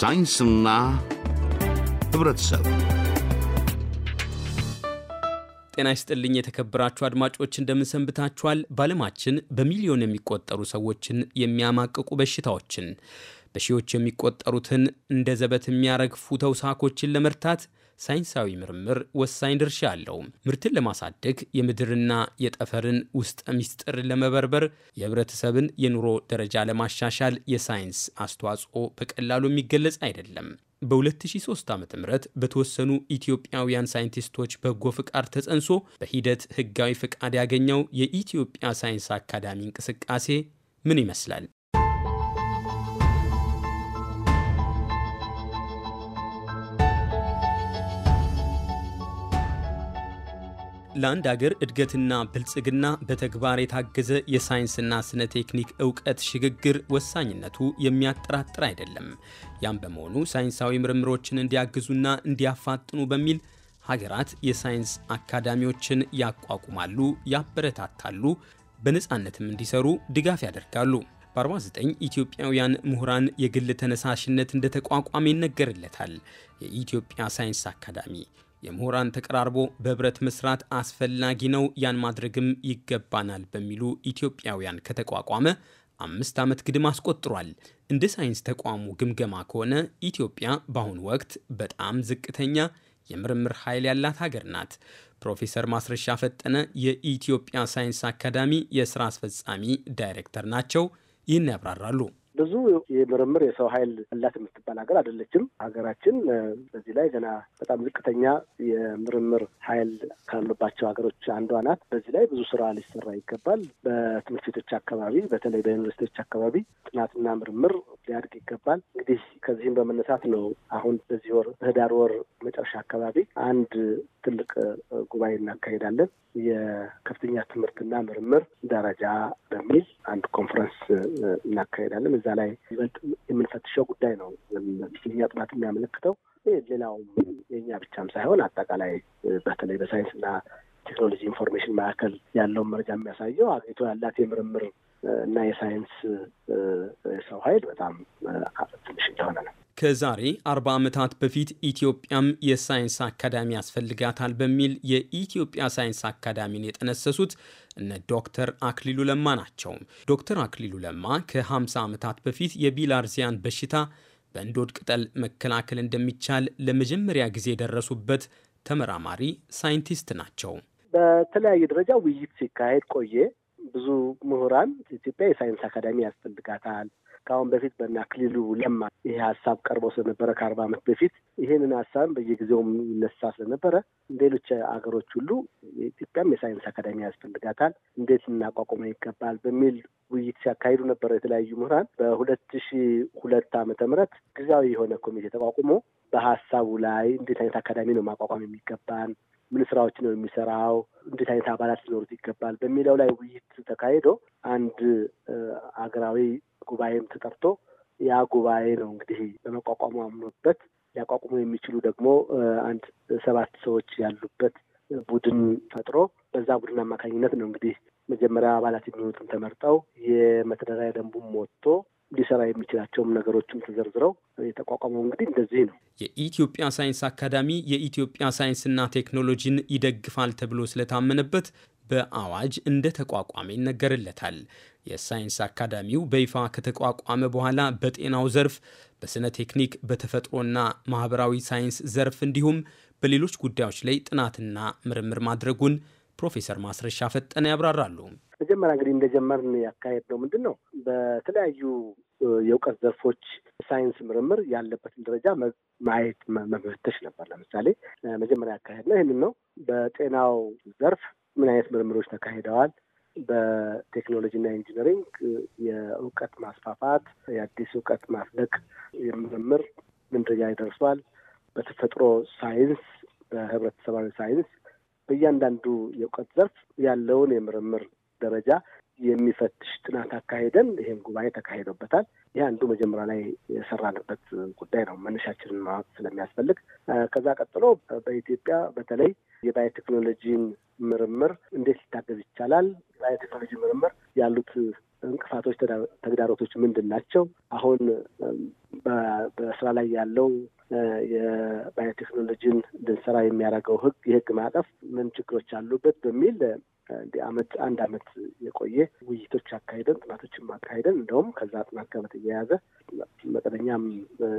ሳይንስና ህብረተሰብ ጤና ይስጥልኝ የተከበራችሁ አድማጮች እንደምንሰንብታችኋል። በዓለማችን በሚሊዮን የሚቆጠሩ ሰዎችን የሚያማቅቁ በሽታዎችን በሺዎች የሚቆጠሩትን እንደ ዘበት የሚያረግፉ ተውሳኮችን ለመርታት ሳይንሳዊ ምርምር ወሳኝ ድርሻ አለው። ምርትን ለማሳደግ የምድርና የጠፈርን ውስጥ ሚስጥር ለመበርበር፣ የህብረተሰብን የኑሮ ደረጃ ለማሻሻል የሳይንስ አስተዋጽኦ በቀላሉ የሚገለጽ አይደለም። በ2003 ዓ ም በተወሰኑ ኢትዮጵያውያን ሳይንቲስቶች በጎ ፍቃድ ተጸንሶ በሂደት ህጋዊ ፍቃድ ያገኘው የኢትዮጵያ ሳይንስ አካዳሚ እንቅስቃሴ ምን ይመስላል? ለአንድ አገር እድገትና ብልጽግና በተግባር የታገዘ የሳይንስና ስነ ቴክኒክ እውቀት ሽግግር ወሳኝነቱ የሚያጠራጥር አይደለም። ያም በመሆኑ ሳይንሳዊ ምርምሮችን እንዲያግዙና እንዲያፋጥኑ በሚል ሀገራት የሳይንስ አካዳሚዎችን ያቋቁማሉ፣ ያበረታታሉ፣ በነፃነትም እንዲሰሩ ድጋፍ ያደርጋሉ። በ49 ኢትዮጵያውያን ምሁራን የግል ተነሳሽነት እንደተቋቋመ ይነገርለታል የኢትዮጵያ ሳይንስ አካዳሚ። የምሁራን ተቀራርቦ በህብረት መስራት አስፈላጊ ነው፣ ያን ማድረግም ይገባናል በሚሉ ኢትዮጵያውያን ከተቋቋመ አምስት ዓመት ግድም አስቆጥሯል። እንደ ሳይንስ ተቋሙ ግምገማ ከሆነ ኢትዮጵያ በአሁኑ ወቅት በጣም ዝቅተኛ የምርምር ኃይል ያላት ሀገር ናት። ፕሮፌሰር ማስረሻ ፈጠነ የኢትዮጵያ ሳይንስ አካዳሚ የስራ አስፈጻሚ ዳይሬክተር ናቸው። ይህን ያብራራሉ። ብዙ የምርምር የሰው ኃይል አላት የምትባል ሀገር አይደለችም ሀገራችን። በዚህ ላይ ገና በጣም ዝቅተኛ የምርምር ኃይል ካሉባቸው ሀገሮች አንዷ ናት። በዚህ ላይ ብዙ ስራ ሊሰራ ይገባል። በትምህርት ቤቶች አካባቢ፣ በተለይ በዩኒቨርሲቲዎች አካባቢ ጥናትና ምርምር ሊያድግ ይገባል። እንግዲህ ከዚህም በመነሳት ነው አሁን በዚህ ወር ህዳር ወር መጨረሻ አካባቢ አንድ ትልቅ ጉባኤ እናካሄዳለን። የከፍተኛ ትምህርትና ምርምር ደረጃ በሚል አንድ ኮንፈረንስ እናካሄዳለን። እዛ ላይ ይበልጥ የምንፈትሸው ጉዳይ ነው። የኛ ጥናት የሚያመለክተው ሌላውም የኛ ብቻም ሳይሆን አጠቃላይ በተለይ በሳይንስና ቴክኖሎጂ ኢንፎርሜሽን ማዕከል ያለውን መረጃ የሚያሳየው አገሪቱ ያላት የምርምር እና የሳይንስ ሰው ኃይል በጣም ትንሽ እንደሆነ ነው። ከዛሬ 40 ዓመታት በፊት ኢትዮጵያም የሳይንስ አካዳሚ ያስፈልጋታል በሚል የኢትዮጵያ ሳይንስ አካዳሚን የጠነሰሱት እነ ዶክተር አክሊሉ ለማ ናቸው። ዶክተር አክሊሉ ለማ ከ50 ዓመታት በፊት የቢላርዚያን በሽታ በእንዶድ ቅጠል መከላከል እንደሚቻል ለመጀመሪያ ጊዜ የደረሱበት ተመራማሪ ሳይንቲስት ናቸው። በተለያየ ደረጃ ውይይት ሲካሄድ ቆየ። ብዙ ምሁራን ኢትዮጵያ የሳይንስ አካዳሚ ያስፈልጋታል ከአሁን በፊት በናክሊሉ ለማ ይሄ ሀሳብ ቀርቦ ስለነበረ ከአርባ ዓመት በፊት ይህንን ሀሳብ በየጊዜውም ይነሳ ስለነበረ ሌሎች አገሮች ሁሉ የኢትዮጵያም የሳይንስ አካዳሚ ያስፈልጋታል፣ እንዴት እናቋቁመ ይገባል በሚል ውይይት ሲያካሂዱ ነበረ የተለያዩ ምሁራን። በሁለት ሺ ሁለት አመተ ምህረት ጊዜያዊ የሆነ ኮሚቴ ተቋቁሞ በሀሳቡ ላይ እንዴት አይነት አካዳሚ ነው ማቋቋም የሚገባን ምን ስራዎች ነው የሚሰራው፣ እንዴት አይነት አባላት ሊኖሩት ይገባል በሚለው ላይ ውይይት ተካሂዶ አንድ አገራዊ ጉባኤም ተጠርቶ ያ ጉባኤ ነው እንግዲህ በመቋቋሙ አምኖበት ሊያቋቁሙ የሚችሉ ደግሞ አንድ ሰባት ሰዎች ያሉበት ቡድን ፈጥሮ በዛ ቡድን አማካኝነት ነው እንግዲህ መጀመሪያ አባላት የሚሆኑትን ተመርጠው የመተዳደሪያ ደንቡም ወጥቶ ሊሰራ የሚችላቸውም ነገሮችም ተዘርዝረው የተቋቋመው እንግዲህ እንደዚህ ነው። የኢትዮጵያ ሳይንስ አካዳሚ የኢትዮጵያ ሳይንስና ቴክኖሎጂን ይደግፋል ተብሎ ስለታመነበት በአዋጅ እንደ ተቋቋመ ይነገርለታል። የሳይንስ አካዳሚው በይፋ ከተቋቋመ በኋላ በጤናው ዘርፍ፣ በስነ ቴክኒክ፣ በተፈጥሮና ማህበራዊ ሳይንስ ዘርፍ እንዲሁም በሌሎች ጉዳዮች ላይ ጥናትና ምርምር ማድረጉን ፕሮፌሰር ማስረሻ ፈጠነ ያብራራሉ። መጀመሪያ እንግዲህ እንደጀመርን ያካሄድ ነው ምንድን ነው በተለያዩ የእውቀት ዘርፎች ሳይንስ ምርምር ያለበትን ደረጃ ማየት መፈተሽ ነበር። ለምሳሌ መጀመሪያ ያካሄድ ነው ይህንን ነው። በጤናው ዘርፍ ምን አይነት ምርምሮች ተካሂደዋል? በቴክኖሎጂ ና ኢንጂነሪንግ የእውቀት ማስፋፋት፣ የአዲስ እውቀት ማፍለቅ የምርምር ምን ደረጃ ይደርሷል? በተፈጥሮ ሳይንስ፣ በህብረተሰባዊ ሳይንስ በእያንዳንዱ የእውቀት ዘርፍ ያለውን የምርምር ደረጃ የሚፈትሽ ጥናት አካሄደን ይህም ጉባኤ ተካሂዶበታል። ይህ አንዱ መጀመሪያ ላይ የሰራንበት ጉዳይ ነው። መነሻችንን ማወቅ ስለሚያስፈልግ ከዛ ቀጥሎ በኢትዮጵያ በተለይ የባዮቴክኖሎጂን ምርምር እንዴት ሊታገዝ ይቻላል፣ የባዮቴክኖሎጂ ምርምር ያሉት እንቅፋቶች፣ ተግዳሮቶች ምንድን ናቸው? አሁን በስራ ላይ ያለው የባዮቴክኖሎጂን እንድንሰራ የሚያደርገው ህግ የህግ ማዕቀፍ ምን ችግሮች አሉበት በሚል እንዲህ አመት አንድ አመት የቆየ ውይይቶች አካሄደን ጥናቶችን አካሂደን እንደውም ከዛ ጥናት ጋር በተያያዘ መጠነኛም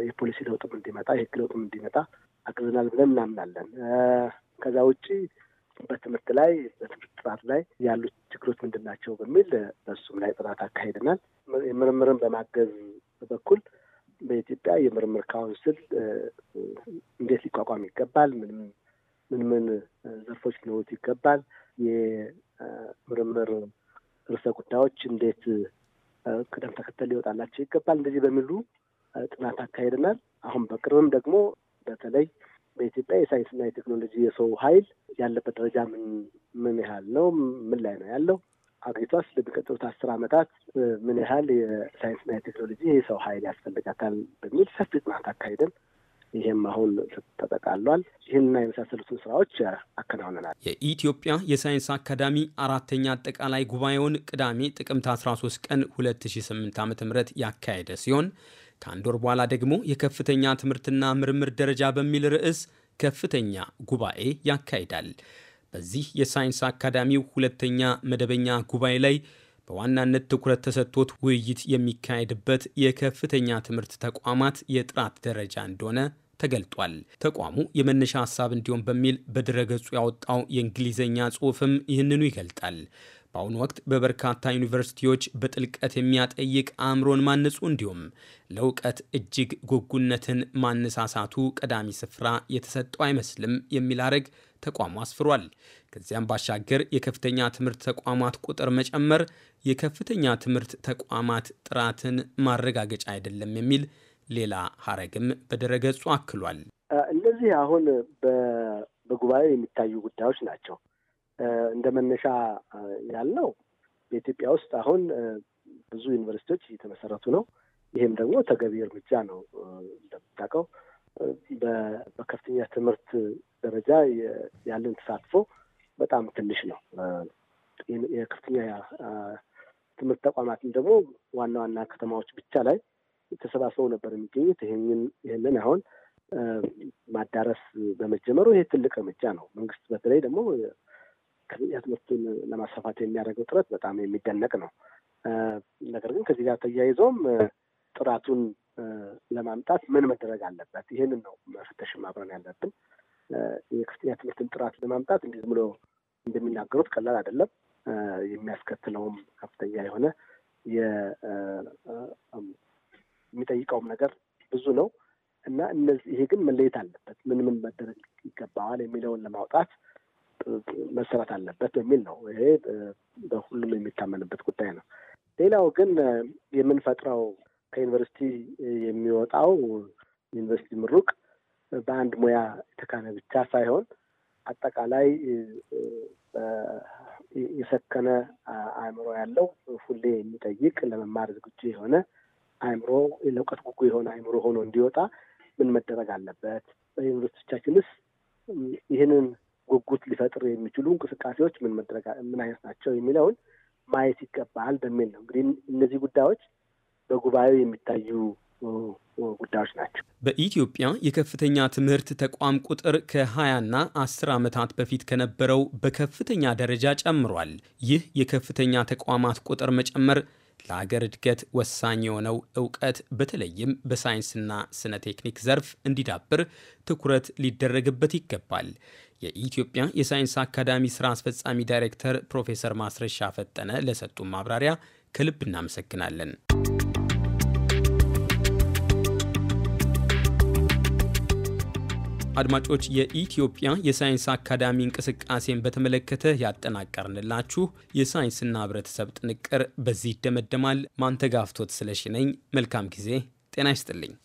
የፖሊሲ ለውጥም እንዲመጣ የህግ ለውጥም እንዲመጣ አግዘናል ብለን እናምናለን። ከዛ ውጪ በትምህርት ላይ በትምህርት ጥራት ላይ ያሉት ችግሮች ምንድን ናቸው በሚል በሱም ላይ ጥናት አካሂደናል። ምርምርን በማገዝ በኩል በኢትዮጵያ የምርምር ካውንስል እንዴት ሊቋቋም ይገባል፣ ምን ምን ዘርፎች ሊኖሩት ይገባል፣ የምርምር ርዕሰ ጉዳዮች እንዴት ቅደም ተከተል ሊወጣላቸው ይገባል፣ እንደዚህ በሚሉ ጥናት አካሂደናል። አሁን በቅርብም ደግሞ በተለይ በኢትዮጵያ የሳይንስና የቴክኖሎጂ የሰው ኃይል ያለበት ደረጃ ምን ምን ያህል ነው? ምን ላይ ነው ያለው? አገሪቷስ ለሚቀጥሉት አስር ዓመታት ምን ያህል የሳይንስና የቴክኖሎጂ የሰው ኃይል ያስፈልጋታል በሚል ሰፊ ጥናት አካሄደን ይህም አሁን ተጠቃሏል። ይህንና የመሳሰሉትን ስራዎች አከናውነናል። የኢትዮጵያ የሳይንስ አካዳሚ አራተኛ አጠቃላይ ጉባኤውን ቅዳሜ ጥቅምት 13 ቀን 2008 ዓ ም ያካሄደ ሲሆን ከአንድ ወር በኋላ ደግሞ የከፍተኛ ትምህርትና ምርምር ደረጃ በሚል ርዕስ ከፍተኛ ጉባኤ ያካሂዳል። በዚህ የሳይንስ አካዳሚው ሁለተኛ መደበኛ ጉባኤ ላይ በዋናነት ትኩረት ተሰጥቶት ውይይት የሚካሄድበት የከፍተኛ ትምህርት ተቋማት የጥራት ደረጃ እንደሆነ ተገልጧል። ተቋሙ የመነሻ ሀሳብ እንዲሆን በሚል በድረገጹ ያወጣው የእንግሊዝኛ ጽሑፍም ይህንኑ ይገልጣል። በአሁኑ ወቅት በበርካታ ዩኒቨርሲቲዎች በጥልቀት የሚያጠይቅ አእምሮን ማነጹ እንዲሁም ለእውቀት እጅግ ጉጉነትን ማነሳሳቱ ቀዳሚ ስፍራ የተሰጠው አይመስልም የሚል አረግ ተቋሙ አስፍሯል። ከዚያም ባሻገር የከፍተኛ ትምህርት ተቋማት ቁጥር መጨመር የከፍተኛ ትምህርት ተቋማት ጥራትን ማረጋገጫ አይደለም የሚል ሌላ ሀረግም በድረገጹ አክሏል። እነዚህ አሁን በጉባኤ የሚታዩ ጉዳዮች ናቸው። እንደ መነሻ ያልነው በኢትዮጵያ ውስጥ አሁን ብዙ ዩኒቨርሲቲዎች እየተመሰረቱ ነው። ይህም ደግሞ ተገቢ እርምጃ ነው። እንደምታውቀው በከፍተኛ ትምህርት ደረጃ ያለን ተሳትፎ በጣም ትንሽ ነው። የከፍተኛ ትምህርት ተቋማትን ደግሞ ዋና ዋና ከተማዎች ብቻ ላይ ተሰባስበው ነበር የሚገኙት። ይህንን አሁን ማዳረስ በመጀመሩ ይሄ ትልቅ እርምጃ ነው። መንግስት በተለይ ደግሞ ትምህርቱን ለማስፋፋት የሚያደርገው ጥረት በጣም የሚደነቅ ነው። ነገር ግን ከዚህ ጋር ተያይዞም ጥራቱን ለማምጣት ምን መደረግ አለበት? ይህንን ነው መፈተሽ ማብረን ያለብን። የከፍተኛ ትምህርትን ጥራት ለማምጣት እንዲህ ብሎ እንደሚናገሩት ቀላል አይደለም። የሚያስከትለውም ከፍተኛ የሆነ የሚጠይቀውም ነገር ብዙ ነው እና እነዚህ ይሄ ግን መለየት አለበት ምን ምን መደረግ ይገባዋል የሚለውን ለማውጣት መሰራት አለበት በሚል ነው። ይሄ በሁሉም የሚታመንበት ጉዳይ ነው። ሌላው ግን የምንፈጥረው ከዩኒቨርሲቲ የሚወጣው ዩኒቨርሲቲ ምሩቅ በአንድ ሙያ የተካነ ብቻ ሳይሆን አጠቃላይ የሰከነ አእምሮ ያለው ሁሌ የሚጠይቅ ለመማር ዝግጁ የሆነ አእምሮ ለእውቀት ጉጉ የሆነ አእምሮ ሆኖ እንዲወጣ ምን መደረግ አለበት? በዩኒቨርሲቲዎቻችንስ ይህንን ጉጉት ሊፈጥር የሚችሉ እንቅስቃሴዎች ምን መድረግ ምን አይነት ናቸው የሚለውን ማየት ይገባል በሚል ነው እንግዲህ እነዚህ ጉዳዮች በጉባኤው የሚታዩ ጉዳዮች ናቸው። በኢትዮጵያ የከፍተኛ ትምህርት ተቋም ቁጥር ከ20ና 10 ዓመታት በፊት ከነበረው በከፍተኛ ደረጃ ጨምሯል። ይህ የከፍተኛ ተቋማት ቁጥር መጨመር ለሀገር እድገት ወሳኝ የሆነው እውቀት በተለይም በሳይንስና ስነ ቴክኒክ ዘርፍ እንዲዳብር ትኩረት ሊደረግበት ይገባል። የኢትዮጵያ የሳይንስ አካዳሚ ስራ አስፈጻሚ ዳይሬክተር ፕሮፌሰር ማስረሻ ፈጠነ ለሰጡን ማብራሪያ ከልብ እናመሰግናለን። አድማጮች የኢትዮጵያ የሳይንስ አካዳሚ እንቅስቃሴን በተመለከተ ያጠናቀርንላችሁ የሳይንስና ሕብረተሰብ ጥንቅር በዚህ ይደመደማል። ማንተጋፍቶት ስለሽነኝ ነኝ። መልካም ጊዜ። ጤና ይስጥልኝ።